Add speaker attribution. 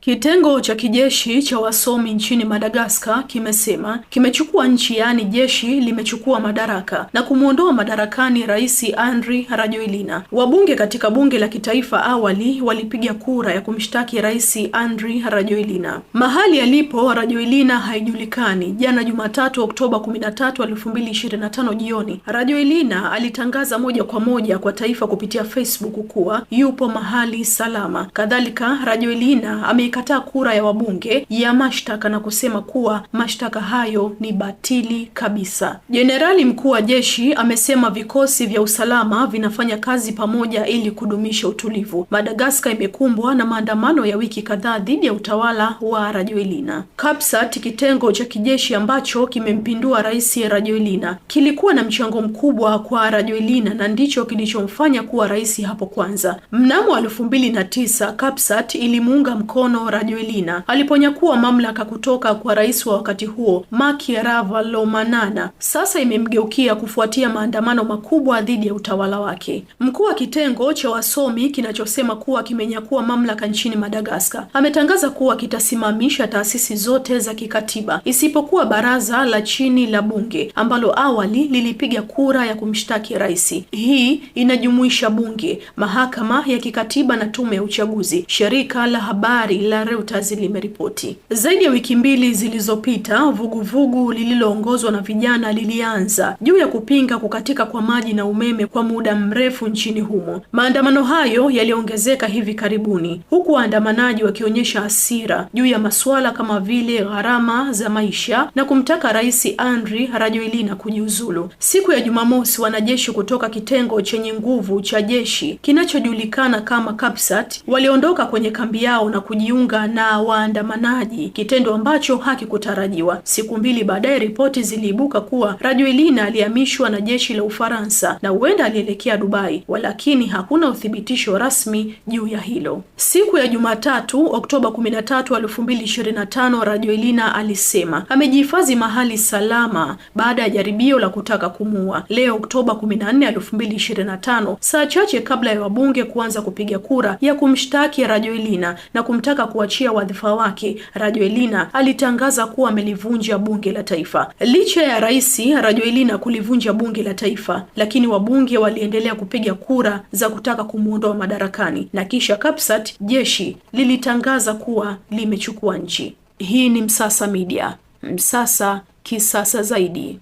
Speaker 1: Kitengo cha kijeshi cha wasomi nchini Madagaskar kimesema kimechukua nchi, yaani jeshi limechukua madaraka na kumwondoa madarakani Rais Andry Rajoelina. Wabunge katika bunge la kitaifa awali walipiga kura ya kumshtaki Rais Andry Rajoelina. Mahali alipo Rajoelina haijulikani. Jana Jumatatu Oktoba 13, 2025 jioni, Rajoelina alitangaza moja kwa moja kwa taifa kupitia Facebook kuwa yupo mahali salama. Kadhalika, Rajoelina ame amekataa kura ya wabunge ya mashtaka na kusema kuwa mashtaka hayo ni batili kabisa. Jenerali mkuu wa jeshi amesema vikosi vya usalama vinafanya kazi pamoja ili kudumisha utulivu. Madagaskar imekumbwa na maandamano ya wiki kadhaa dhidi ya utawala wa Rajoelina. Kapsat, kitengo cha kijeshi ambacho kimempindua Rais Rajoelina, kilikuwa na mchango mkubwa kwa Rajoelina na ndicho kilichomfanya kuwa rais hapo kwanza. Mnamo elfu mbili na tisa Kapsat ilimuunga mkono tano Rajoelina aliponyakua mamlaka kutoka kwa rais wa wakati huo Maki Ravalomanana, sasa imemgeukia kufuatia maandamano makubwa dhidi ya utawala wake. Mkuu wa kitengo cha wasomi kinachosema kuwa kimenyakua mamlaka nchini Madagaskar ametangaza kuwa kitasimamisha taasisi zote za kikatiba isipokuwa baraza la chini la bunge ambalo awali lilipiga kura ya kumshtaki rais. Hii inajumuisha bunge, mahakama ya kikatiba na tume ya uchaguzi, shirika la habari la Reuters limeripoti. Zaidi ya wiki mbili zilizopita, vuguvugu lililoongozwa na vijana lilianza juu ya kupinga kukatika kwa maji na umeme kwa muda mrefu nchini humo. Maandamano hayo yaliongezeka hivi karibuni, huku waandamanaji wakionyesha hasira juu ya masuala kama vile gharama za maisha na kumtaka Rais Andry Rajoelina kujiuzulu. Siku ya Jumamosi, wanajeshi kutoka kitengo chenye nguvu cha jeshi kinachojulikana kama Kapsat waliondoka kwenye kambi yao na kujiunga kujiunga na waandamanaji, kitendo ambacho hakikutarajiwa. Siku mbili baadaye, ripoti ziliibuka kuwa Rajoelina alihamishwa na jeshi la Ufaransa na huenda alielekea Dubai, walakini hakuna uthibitisho rasmi juu ya hilo. Siku ya Jumatatu, Oktoba 13, 2025, Rajoelina alisema amejihifadhi mahali salama baada ya jaribio la kutaka kumuua. Leo Oktoba 14, 2025, saa chache kabla ya wabunge kuanza kupiga kura ya kumshtaki Rajoelina na kumtaka kuachia wadhifa wake, Rajoelina alitangaza kuwa amelivunja bunge la taifa. Licha ya rais Rajoelina kulivunja bunge la taifa, lakini wabunge waliendelea kupiga kura za kutaka kumwondoa madarakani, na kisha Kapsat jeshi lilitangaza kuwa limechukua nchi. Hii ni Msasa Media, Msasa kisasa zaidi.